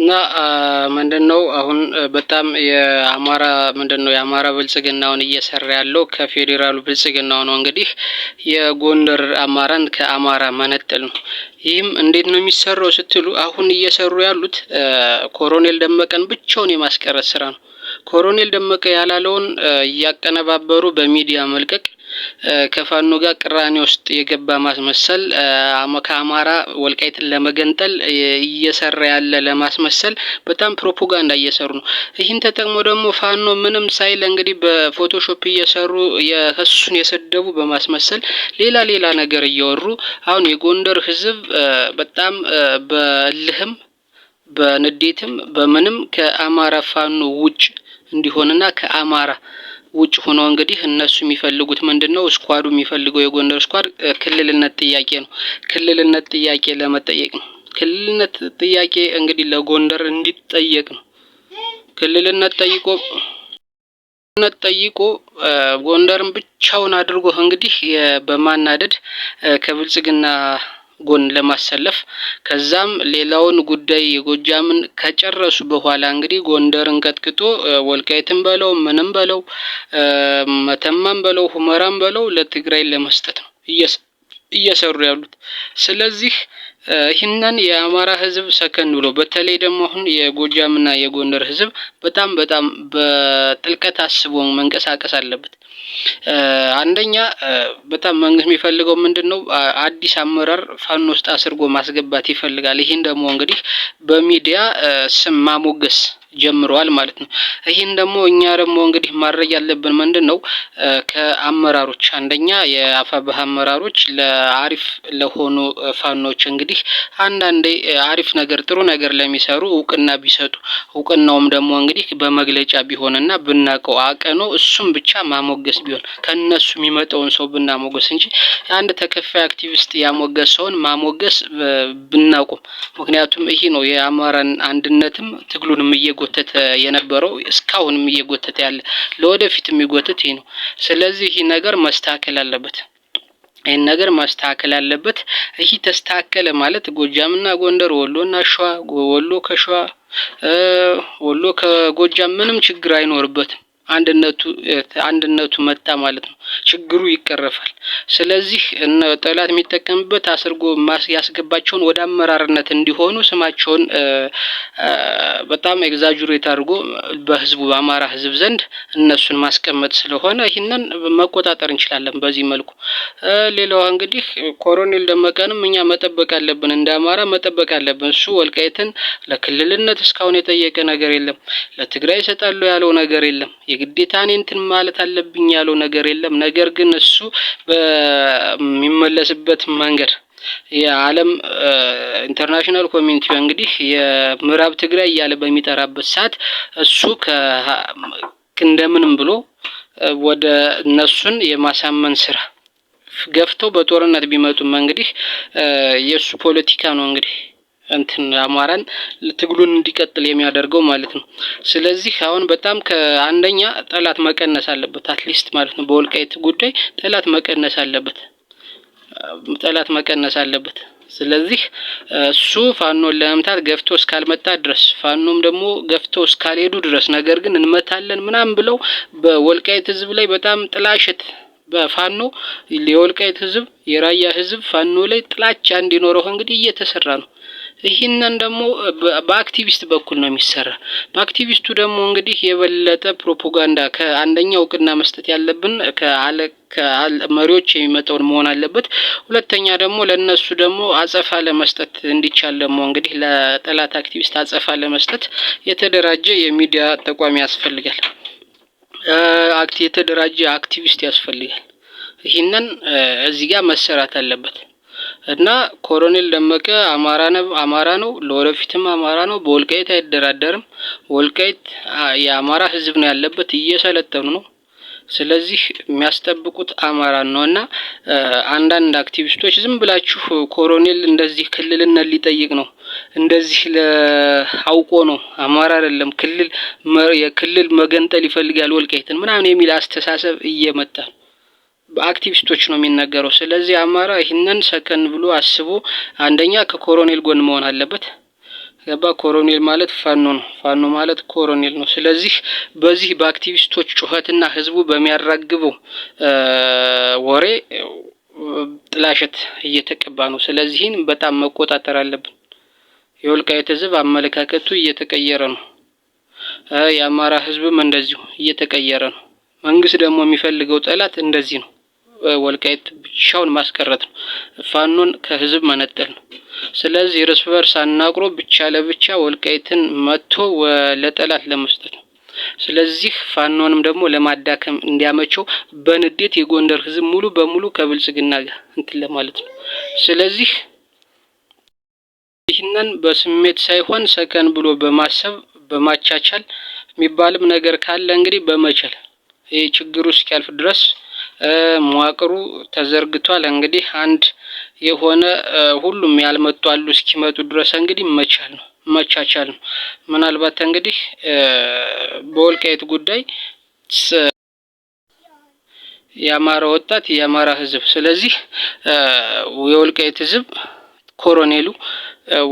እና ምንድን ነው አሁን በጣም የአማራ ምንድን ነው የአማራ ብልጽግናውን እየሰራ ያለው ከፌዴራሉ ብልጽግናው ነው። እንግዲህ የጎንደር አማራን ከአማራ መነጠል ነው። ይህም እንዴት ነው የሚሰራው ስትሉ አሁን እየሰሩ ያሉት ኮሎኔል ደመቀን ብቻውን የማስቀረት ስራ ነው። ኮሎኔል ደመቀ ያላለውን እያቀነባበሩ በሚዲያ መልቀቅ ከፋኖ ጋር ቅራኔ ውስጥ የገባ ማስመሰል ከአማራ ወልቃይትን ለመገንጠል እየሰራ ያለ ለማስመሰል በጣም ፕሮፓጋንዳ እየሰሩ ነው። ይህን ተጠቅሞ ደግሞ ፋኖ ምንም ሳይል እንግዲህ በፎቶሾፕ እየሰሩ የህሱን የሰደቡ በማስመሰል ሌላ ሌላ ነገር እየወሩ አሁን የጎንደር ህዝብ በጣም በእልህም በንዴትም በምንም ከአማራ ፋኖ ውጭ እንዲሆንና ከአማራ ውጭ ሆኖ እንግዲህ እነሱ የሚፈልጉት ምንድን ነው? ስኳዱ የሚፈልገው የጎንደር ስኳድ ክልልነት ጥያቄ ነው። ክልልነት ጥያቄ ለመጠየቅ ነው። ክልልነት ጥያቄ እንግዲህ ለጎንደር እንዲጠየቅ ነው። ክልልነት ጠይቆ ነት ጠይቆ ጎንደርን ብቻውን አድርጎ እንግዲህ በማናደድ ከብልጽግና ጎን ለማሰለፍ ከዛም ሌላውን ጉዳይ የጎጃምን ከጨረሱ በኋላ እንግዲህ ጎንደርን ቀጥቅጦ ወልቃይትን በለው ምንም በለው መተማን በለው ሁመራን በለው ለትግራይ ለመስጠት ነው እየሰሩ ያሉት። ስለዚህ ይህንን የአማራ ህዝብ ሰከን ብሎ በተለይ ደግሞ አሁን የጎጃምና የጎንደር ህዝብ በጣም በጣም በጥልቀት አስቦ መንቀሳቀስ አለበት። አንደኛ በጣም መንግስት የሚፈልገው ምንድን ነው? አዲስ አመራር ፋኖ ውስጥ አስርጎ ማስገባት ይፈልጋል። ይህን ደግሞ እንግዲህ በሚዲያ ስም ማሞገስ ጀምረዋል ማለት ነው። ይህን ደግሞ እኛ ደግሞ እንግዲህ ማድረግ ያለብን ምንድን ነው? ከአመራሮች አንደኛ የአፋብህ አመራሮች ለአሪፍ ለሆኑ ፋኖች እንግዲህ አንዳንዴ አሪፍ ነገር ጥሩ ነገር ለሚሰሩ እውቅና ቢሰጡ እውቅናውም ደግሞ እንግዲህ በመግለጫ ቢሆንና ብናውቀው አቀኖ እሱም ብቻ ማሞገስ አክቲቪስት ቢሆን ከነሱ የሚመጣውን ሰው ብናሞገስ እንጂ አንድ ተከፋይ አክቲቪስት ያሞገስ ሰውን ማሞገስ ብናቁም። ምክንያቱም ይሄ ነው የአማራን አንድነትም ትግሉንም እየጎተተ የነበረው እስካሁንም እየጎተተ ያለ ለወደፊት የሚጎተት ይሄ ነው። ስለዚህ ይህ ነገር መስተካከል አለበት። ይህን ነገር ማስተካከል አለበት። ይህ ተስተካከለ ማለት ጎጃምና ጎንደር፣ ወሎና ሸዋ፣ ወሎ ከሸዋ ወሎ ከጎጃም ምንም ችግር አይኖርበትም። አንድነቱ አንድነቱ መጣ ማለት ነው። ችግሩ ይቀረፋል። ስለዚህ እነ ጠላት የሚጠቀምበት አስርጎ ያስገባቸውን ወደ አመራርነት እንዲሆኑ ስማቸውን በጣም ኤግዛጁሬት አድርጎ በህዝቡ በአማራ ህዝብ ዘንድ እነሱን ማስቀመጥ ስለሆነ ይህንን መቆጣጠር እንችላለን በዚህ መልኩ። ሌላዋ እንግዲህ ኮሎኔል ደመቀንም እኛ መጠበቅ አለብን፣ እንደ አማራ መጠበቅ አለብን። እሱ ወልቃይትን ለክልልነት እስካሁን የጠየቀ ነገር የለም። ለትግራይ እሰጣለሁ ያለው ነገር የለም። የግዴታ እኔ እንትን ማለት አለብኝ ያለው ነገር የለም። ነገር ግን እሱ በሚመለስበት መንገድ የዓለም ኢንተርናሽናል ኮሚኒቲ እንግዲህ የምዕራብ ትግራይ እያለ በሚጠራበት ሰዓት እሱ እንደምንም ብሎ ወደ እነሱን የማሳመን ስራ ገፍተው በጦርነት ቢመጡም እንግዲህ የእሱ ፖለቲካ ነው እንግዲህ እንትን አማራን ትግሉን እንዲቀጥል የሚያደርገው ማለት ነው። ስለዚህ አሁን በጣም ከአንደኛ ጠላት መቀነስ አለበት፣ አትሊስት ማለት ነው። በወልቃይት ጉዳይ ጠላት መቀነስ አለበት። ጠላት መቀነስ አለበት። ስለዚህ እሱ ፋኖን ለመምታት ገፍቶ እስካልመጣ ድረስ ፋኖም ደግሞ ገፍቶ እስካልሄዱ ድረስ ነገር ግን እንመታለን ምናምን ብለው በወልቃይት ህዝብ ላይ በጣም ጥላሸት በፋኖ የወልቃይት ህዝብ የራያ ህዝብ ፋኖ ላይ ጥላቻ እንዲኖረው እንግዲህ እየተሰራ ነው። ይህንን ደግሞ በአክቲቪስት በኩል ነው የሚሰራ። በአክቲቪስቱ ደግሞ እንግዲህ የበለጠ ፕሮፓጋንዳ ከአንደኛ እውቅና መስጠት ያለብን ከአለ ከመሪዎች የሚመጣውን መሆን አለበት። ሁለተኛ ደግሞ ለነሱ ደግሞ አጸፋ ለመስጠት እንዲቻል ደግሞ እንግዲህ ለጠላት አክቲቪስት አጸፋ ለመስጠት የተደራጀ የሚዲያ ተቋም ያስፈልጋል። የተደራጀ አክቲቪስት ያስፈልጋል። ይህንን እዚህ ጋር መሰራት አለበት። እና ኮሎኔል ደመቀ አማራ ነው አማራ ነው፣ ለወደፊትም አማራ ነው። በወልቃይት አይደራደርም። ወልቃይት የአማራ ህዝብ ነው ያለበት፣ እየሰለጠኑ ነው። ስለዚህ የሚያስጠብቁት አማራን ነው እና አንዳንድ አክቲቪስቶች ዝም ብላችሁ ኮሎኔል እንደዚህ ክልልነት ሊጠይቅ ነው እንደዚህ ለአውቆ ነው አማራ አይደለም ክልል የክልል መገንጠል ይፈልጋል ወልቃይትን ምናምን የሚል አስተሳሰብ እየመጣ ነው። በአክቲቪስቶች ነው የሚነገረው። ስለዚህ አማራ ይህንን ሰከን ብሎ አስቦ አንደኛ ከኮሎኔል ጎን መሆን አለበት። ገባ ኮሮኔል ማለት ፋኖ ነው። ፋኖ ማለት ኮሎኔል ነው። ስለዚህ በዚህ በአክቲቪስቶች ጩኸትና ህዝቡ በሚያራግበው ወሬ ጥላሸት እየተቀባ ነው። ስለዚህን በጣም መቆጣጠር አለብን። የወልቃይት ህዝብ አመለካከቱ እየተቀየረ ነው። የአማራ ህዝብም እንደዚሁ እየተቀየረ ነው። መንግስት ደግሞ የሚፈልገው ጠላት እንደዚህ ነው። ወልቃይት ብቻውን ማስቀረት ነው። ፋኖን ከህዝብ መነጠል ነው። ስለዚህ እርስ በርስ አናግሮ ብቻ ለብቻ ወልቃይትን መጥቶ ለጠላት ለመስጠት ነው። ስለዚህ ፋኖንም ደግሞ ለማዳከም እንዲያመቸው በንዴት የጎንደር ህዝብ ሙሉ በሙሉ ከብልጽግና ጋር እንትን ለማለት ነው። ስለዚህ ይህንን በስሜት ሳይሆን ሰከን ብሎ በማሰብ በማቻቻል የሚባልም ነገር ካለ እንግዲህ በመቻል ይህ ችግሩ እስኪያልፍ ድረስ መዋቅሩ ተዘርግቷል። እንግዲህ አንድ የሆነ ሁሉም ያልመጡ አሉ እስኪመጡ ድረስ እንግዲህ መቻል ነው መቻቻል ነው። ምናልባት እንግዲህ በወልቃይት ጉዳይ የአማራ ወጣት የአማራ ህዝብ ስለዚህ የወልቃይት ህዝብ ኮሎኔሉ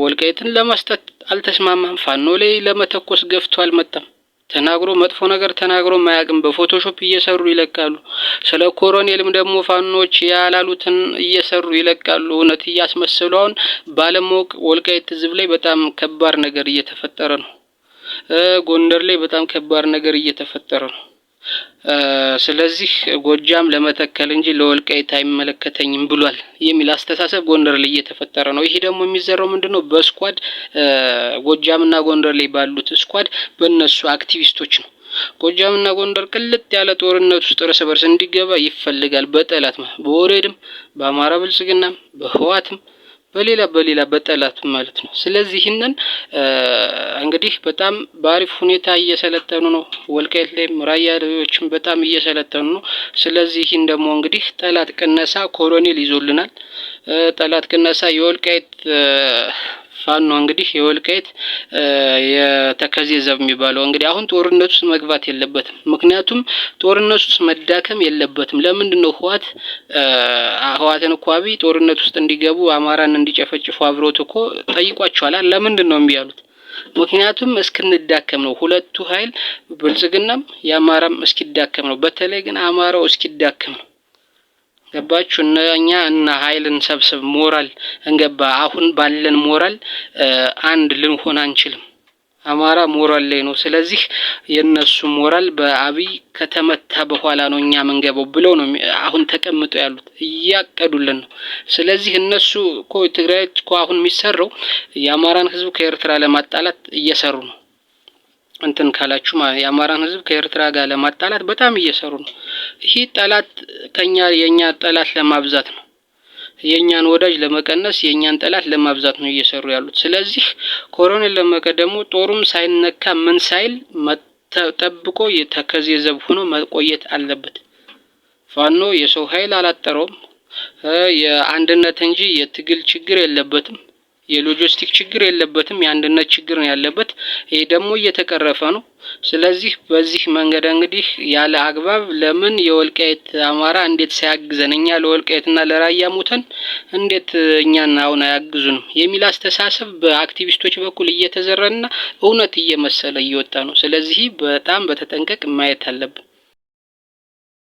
ወልቃይትን ለመስጠት አልተስማማም። ፋኖ ላይ ለመተኮስ ገፍቶ አልመጣም። ተናግሮ መጥፎ ነገር ተናግሮ ማያቅም በፎቶሾፕ እየሰሩ ይለቃሉ። ስለ ኮሎኔልም ደግሞ ፋኖች ያላሉትን እየሰሩ ይለቃሉ። እውነት እያስመሰሉ አሁን ባለማወቅ ወልቃይት ህዝብ ላይ በጣም ከባድ ነገር እየተፈጠረ ነው። ጎንደር ላይ በጣም ከባድ ነገር እየተፈጠረ ነው። ስለዚህ ጎጃም ለመተከል እንጂ ለወልቃይት አይመለከተኝም ብሏል የሚል አስተሳሰብ ጎንደር ላይ እየተፈጠረ ነው። ይሄ ደግሞ የሚዘራው ምንድን ነው? በስኳድ ጎጃምና ጎንደር ላይ ባሉት ስኳድ በእነሱ አክቲቪስቶች ነው። ጎጃምና ጎንደር ቅልጥ ያለ ጦርነት ውስጥ እርስ በርስ እንዲገባ ይፈልጋል። በጠላት በወሬድም፣ በአማራ ብልጽግናም፣ በህዋትም በሌላ በሌላ በጠላት ማለት ነው። ስለዚህ ይህንን እንግዲህ በጣም በአሪፍ ሁኔታ እየሰለጠኑ ነው። ወልቃይት ላይም ራያ ላዮችም በጣም እየሰለጠኑ ነው። ስለዚህ ይህን ደግሞ እንግዲህ ጠላት ቅነሳ ኮሎኔል ይዞልናል። ጠላት ቅነሳ የወልቃይት ፋኖ እንግዲህ የወልቃይት የተከዜ ዘብ የሚባለው እንግዲህ አሁን ጦርነት ውስጥ መግባት የለበትም። ምክንያቱም ጦርነት ውስጥ መዳከም የለበትም። ለምንድን ነው ህዋት ህዋትን እኮ አብይ ጦርነት ውስጥ እንዲገቡ አማራን እንዲጨፈጭፉ አብሮት እኮ ጠይቋቸዋል። ለምንድን ነው እምቢ ያሉት? ምክንያቱም እስክንዳከም ነው። ሁለቱ ኃይል ብልጽግናም የአማራም እስኪዳከም ነው። በተለይ ግን አማራው እስኪዳከም ነው። ገባችሁ? እነኛ እና ሀይል ሰብስብ ሞራል እንገባ። አሁን ባለን ሞራል አንድ ልንሆን አንችልም። አማራ ሞራል ላይ ነው። ስለዚህ የነሱ ሞራል በአብይ ከተመታ በኋላ ነው እኛ የምንገባው ብለው ነው አሁን ተቀምጠው ያሉት፣ እያቀዱልን ነው። ስለዚህ እነሱ እኮ ትግራይ እኮ አሁን የሚሰራው የአማራን ህዝብ ከኤርትራ ለማጣላት እየሰሩ ነው። እንትን ካላችሁ የአማራን ህዝብ ከኤርትራ ጋር ለማጣላት በጣም እየሰሩ ነው። ይህ ጠላት ከኛ የኛ ጠላት ለማብዛት ነው። የእኛን ወዳጅ ለመቀነስ የእኛን ጠላት ለማብዛት ነው እየሰሩ ያሉት። ስለዚህ ኮሎኔል ደመቀ ደግሞ ጦሩም ሳይነካ ምን ሳይል ጠብቆ የተከዜ ዘብ ሆኖ መቆየት አለበት። ፋኖ የሰው ኃይል አላጠረውም። የአንድነት እንጂ የትግል ችግር የለበትም። የሎጂስቲክ ችግር የለበትም፣ የአንድነት ችግር ነው ያለበት። ይሄ ደግሞ እየተቀረፈ ነው። ስለዚህ በዚህ መንገድ እንግዲህ ያለ አግባብ ለምን የወልቃይት አማራ እንዴት ሳያግዘን እኛ ለወልቃይትና ለራያ ሙተን እንዴት እኛን አሁን አያግዙንም የሚል አስተሳሰብ በአክቲቪስቶች በኩል እየተዘረና እውነት እየመሰለ እየወጣ ነው። ስለዚህ በጣም በተጠንቀቅ ማየት አለብን።